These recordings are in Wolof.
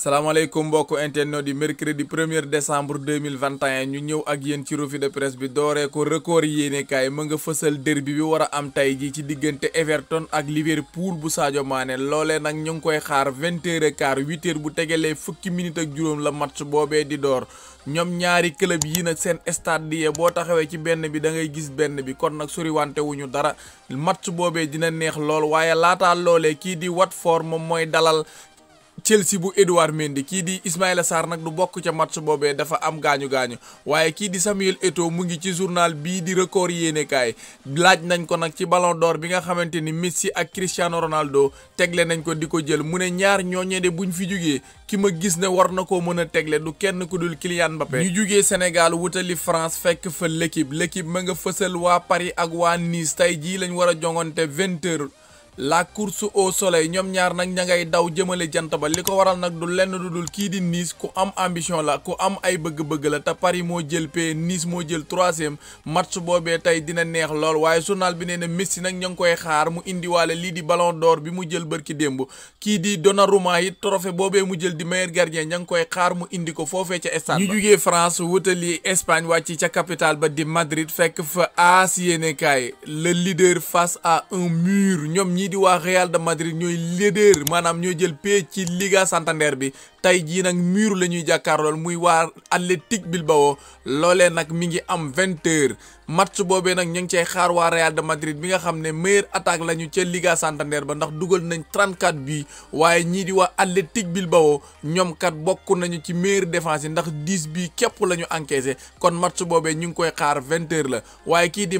salaamaaleykum mbokku internet di mercredi 1er décembre 2021 ñu ñëw ak yéen ci revue de presse bi dooree ko record yéenekaay mu nga fësal derbi bi war a am tey ji ci diggante Everton ak Liverpool bu Sadio maane loolee nag ñu ngi koy xaar 20h15 8 bu tegalee fukki minute ak juróom la match boobee di door ñoom ñaari club yi nag seen stade di yee boo taxawee ci benn bi da ngay gis benn bi kon nag suri soriwante ñu dara match boobee dina neex lool waaye laataa loolee kii di Watford moom mooy dalal Chelsea bu Edouard Mendy kii di Ismaïla Sarr nag du bokk ca match boobee dafa am gaañu gaañu waaye kii di Samuel Eto'o mu ngi ci journal bii di record yéenekaay laaj nañ ko nag ci Ballon door bi nga xamante ni Messi ak Cristiano Ronaldo tegle nañ ko di ko jël mu ne ñaar ñoo ñooñee bu ñu fi jógee ki ma gis ne war na koo mën a tegle du kenn ku dul Kylian Mbappé. ñu jógee Sénégal wutali France fekk fa l'équipe l'équipe ma nga fësal waa Paris ak waa Nice tey jii lañ war a jongante vingt heures. la course au soleil ñoom ñaar nag ña ngay daw jëmale jant ba li ko waral nag du lenn du dul kii di Nice ku am ambition la ku am ay bëgg-bëgg la te Paris moo jël pee Nice moo jël troisième match boobee tey dina neex lool waaye journal bi nee na Messi nag ña ngi koy xaar mu indiwaale lii di ballon door bi mu jël bërki démb kii di Donnarumma it trophée boobee mu jël di meilleur gardien ña ngi koy xaar mu indi ko foofee ca stade ñu jugee France wutali Espagne wàcc ca capitale ba di Madrid fekk fa AS yéenekaay le leader face à ñii di waa Real de Madrid ñooy leader maanaam ñooy jël pee ci Liga Santander bi tey jii nag mur la ñuy jàkkaarlool muy waa Athletic Bilbao loolee nag mi ngi am vingt heures match boobee nag ñu ngi cay xaar waa Real de Madrid bi nga xam ne meilleur attaque la ñu ca Liga Santander ba ndax dugal nañ 34 bi waaye ñii di waa Athletic Bilbao ñoom kat bokk nañu ci meilleur défense yi ndax 10 bi képp la ñu encaissé kon match boobee ñu ngi koy xaar vingt heures la waaye kii di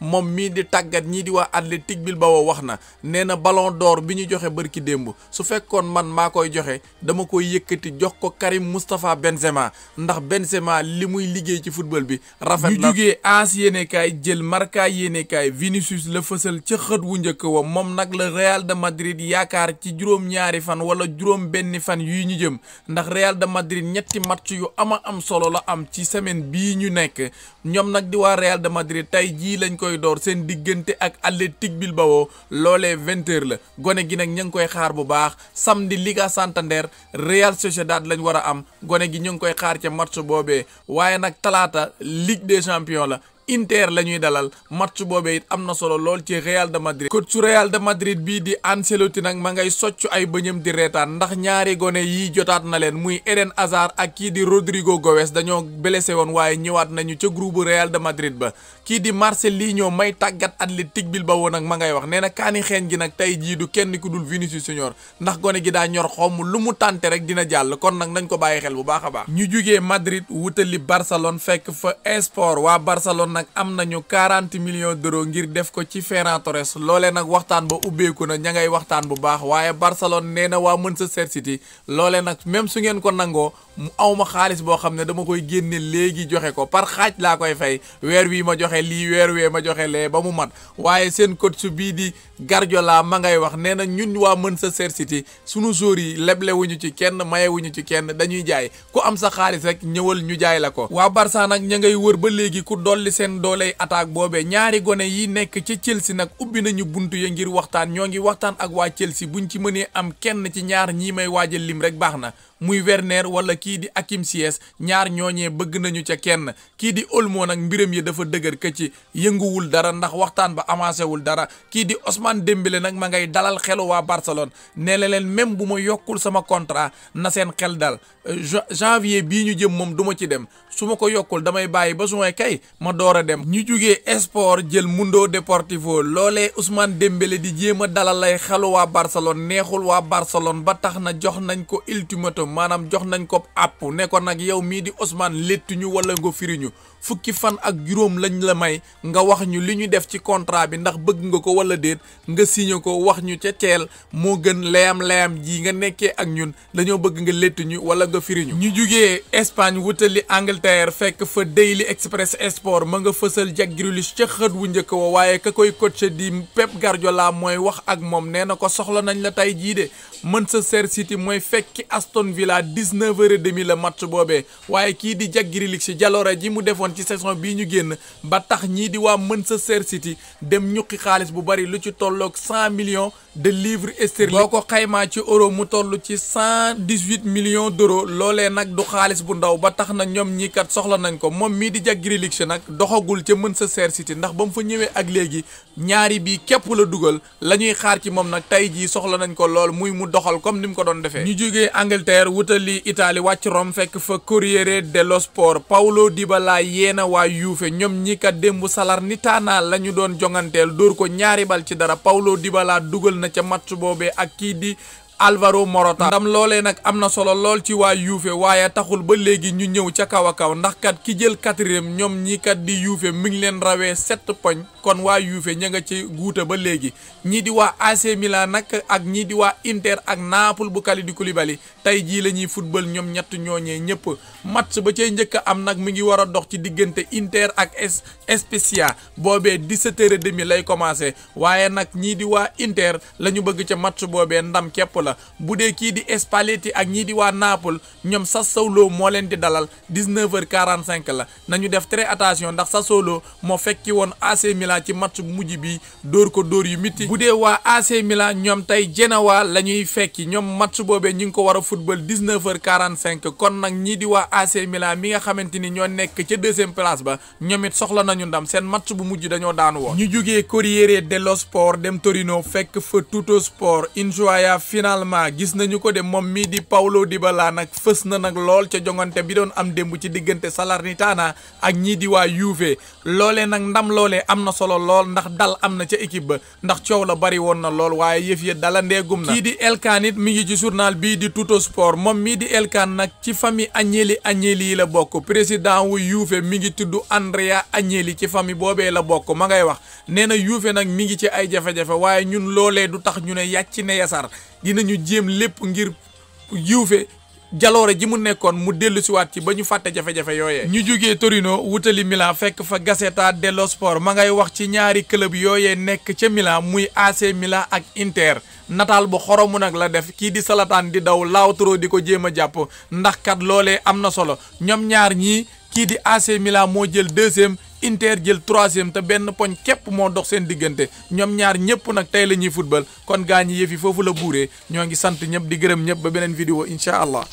moom mii di tàggat ñii di waa Athletic Bilbao Lo wax na nee na ballon door bi ñu joxe bërki démb su fekkoon man maa koy joxe dama koy yëkkati jox ko Karim Moustapha Benzema ndax Benzema li muy liggéey ci football bi rafet na ñu jugee aas yéenekaay jël Marca yéenekaay Vinicius la fësal ca xët wu njëkk wa moom nag la Real de Madrid yaakaar ci juróom-ñaari fan wala juróom benni fan yuy ñu jëm ndax Real de Madrid ñetti match yu ama am solo la am ci semaine bii ñu nekk ñoom nag di waa Real de Madrid tey jii lañ koy door seen diggante ak Athletic Bilbao loolee vingt la gone gi nag ñu ngi koy xaar bu baax samedi Liga Santander Real Sociedad lañ war a am gone gi ñu ngi koy xaar ca match boobee waaye nag talaata Ligue des champions la Inter la ñuy dalal match boobee it am na solo lool ci Real de Madrid coach su Real de Madrid bii di Ancelotti nag ma ngay socc ay bëñam di reetaan ndax ñaari gone yi jotaat na leen muy Eden Hazard ak kii di Rodrigo Goes dañoo blessé woon waaye ñëwaat nañu ca groupe Real de Madrid ba kii di Marcelinho may tàggat ba Bilbao nag ma ngay wax nee na kaani xeen gi nag tey jii du kenn ku dul Vinicius Junior ndax gone gi daa ñor xomm lu mu tànte rek dina jàll kon nag nañ ko bàyyi xel bu baax a baax ñu jugee Madrid wutali Barcelone fekk fa Esport waa Barcelone nag am nañu quarante millions d'euros ngir def ko ci Ferran Torres loolee nag waxtaan ba ubbeeku na ña ngay waxtaan bu baax waaye Barcelone nee na waa mën sa Manchester yi loolee nag même su ngeen ko nangoo mu aw ma xaalis boo xam ne dama koy génne léegi joxe ko par xaaj laa koy fay weer wii ma joxe lii weer wee ma joxe lee ba mu mat waaye seen coach su bii di Guardiola ma ngay wax nee na ñun waa mën Manchester City sunu joueurs yi leblewuñu ci kenn mayewuñu ci kenn dañuy jaay ku am sa xaalis rek ñëwal ñu jaay la ko. waa Barça nag ña ngay wër ba léegi ku dolli seen dooley attaque boobee ñaari gone yi nekk ci Chelsea nag ubbi nañu bunt yi ngir waxtaan ñoo ngi waxtaan ak waa Chelsea buñ ci mënee am kenn ci ñaar ñii may waajal lim rek baax na kii di Hakim Ziyech ñaar ñooñee bëgg nañu ca kenn kii di Olmo nag mbiram yi dafa dëgër ka ci yënguwul dara ndax waxtaan ba avancé wul dara kii di Ousmane Dembélé nag ma ngay dalal xelu waa Barcelone leen même bu ma yokkul sama contrat na seen xel dal euh, janvier bii ñu jëm moom du ci dem su ma ko yokkul damay bàyyi ba suñu kay ma door a dem ñu jugee sport jël Mundo Deportivo loolee Ousmane Dembélé di jéem a dalal lay xelu waa Barcelone neexul waa Barcelone ba tax na jox nañ ko ultimatum maanaam jox nañ ko àpp ne ko nag yow mii di Ousmane léttuñu wala nga firiñu fukki fan ak juróom lañ la may nga wax ñu li ñu def ci contrat bi ndax bëgg nga ko wala déet nga signé ko wax ñu ca teel moo gën layam-layam ji nga nekkee ak ñun dañoo bëgg nga létt ñu wala nga firi ñu. ñu jugee Espagne wutali Angleterre fekk fa Daily Express Sport ma nga fësal Jack ca xët wu njëkk wa waaye ka koy coach di Pep la mooy wax ak moom nee na ko soxla nañ la tey jii de Manchester City mooy fekki Aston Villa 19h30 la match boobee waaye kii di Jack Grealish jaloore ji mu defoon. ci saison bii ñu génn ba tax ñii di waa Manchester City dem ñuqi xaalis bu bari lu ci tolloog 100 million de livres sterling boo ko xaymaa ci euro mu toll ci cent dix huit millions d' euros loolee nag du xaalis bu ndaw ba tax na ñoom ñii kat soxla nañ ko moom mii di Jack si nag doxagul ca Manchester City ndax ba mu fa ñëwee ak léegi ñaari bii képp la dugal la ñuy xaar ci moom nag tey jii soxla nañ ko lool muy mu doxal comme ni mu ko doon defee. ñu jógee Angleterre wutali Italie wàcc Rome fekk fa Corriere dello Sport Paulo Dybala yeena waa Juve ñoom ñii kat démb Salernitana la ñu doon jonganteel dóor ko ñaari bal ci dara Paulo Dybala dugal. na ca match boobee ak kii di Alvaro Morata ndam loolee nag am na solo lool ci waa Juve waaye taxul ba léegi ñu ñëw ca kaw a kaw ndax kat ki jël quatrième ñoom ñii kat di Juve mi ngi leen rawee sept poñ kon waa Juve ña nga ci guute ba léegi ñii di waa AC Milan nag ak ñii di waa Inter ak Naples bu Kalidou Koulibaly tey jii la ñuy football ñoom ñett ñooñee ñëpp match ba cay njëkk am nag mi ngi war a dox ci diggante Inter ak Spezia boobee 17 h demi lay commencé waaye nag ñii di waa Inter la ñu bëgg ca match boobee ndam képp la la bu dee kii di Spalletti ak ñii di waa Naples ñoom Sassuolo moo leen di dalal 19h45 la nañu def très attention ndax Sassuolo moo fekki woon AC milla ci match bu mujj bi dóor ko dóor yu miti bu dee waa AC Milan ñoom tey Genoa la ñuy fekki ñoom match boobee ñu ngi ko war a football 19 h cinq kon nag ñii di waa AC Milan mi nga xamante ni ñoo nekk ca deuxième place ba ñoom it soxla nañu ndam seen match bu mujj dañoo daan woon ñu finalement gis nañu ko de moom mii di Paulo Dybala nag fës na nag lool ca jongante bi doon am démb ci diggante Salernitana ak ñii di waa Juve loolee nag ndam loole am na solo lool ndax dal am na ca équipe ba ndax coow la bari woon na lool waaye yëf ya dalandeegum na kii di Elkan it mi ngi ci journal bii di Tuttosport moom mii di Elkan nag ci famille Agnelli Agnelli yi la bokk président wu Juve mi ngi tudd Andrea Agnelli ci famille boobee la bokk ma ngay wax nee na Juve nag mi ngi ci ay jafe waaye ñun loolee du tax ñu ne yàcc ne yasar ñu jéem lépp ngir yuufe jaloore ji mu nekkoon mu dellu siwaat ci ba ñu fàtte jafe-jafe yooyee ñu jógee Torino wutali Milan fekk fa Gazzetta dello Sport ma ngay wax ci ñaari club yooye nekk ca Milan muy AC Milan ak Inter nataal bu xoromu nag la def kii di Zlatan di daw Lautaro di ko jéem a jàpp ndax kat loolee am na solo ñoom ñaar ñii kii di AC Milan moo jël deuxième Inter jël troisième te benn poñ képp moo dox seen diggante ñoom ñaar ñëpp nag tey la ñuy football kon gaa ñi yëf yi foofu la buuree ñoo ngi sant ñëpp di gërëm ñëpp ba beneen vidéo incha allah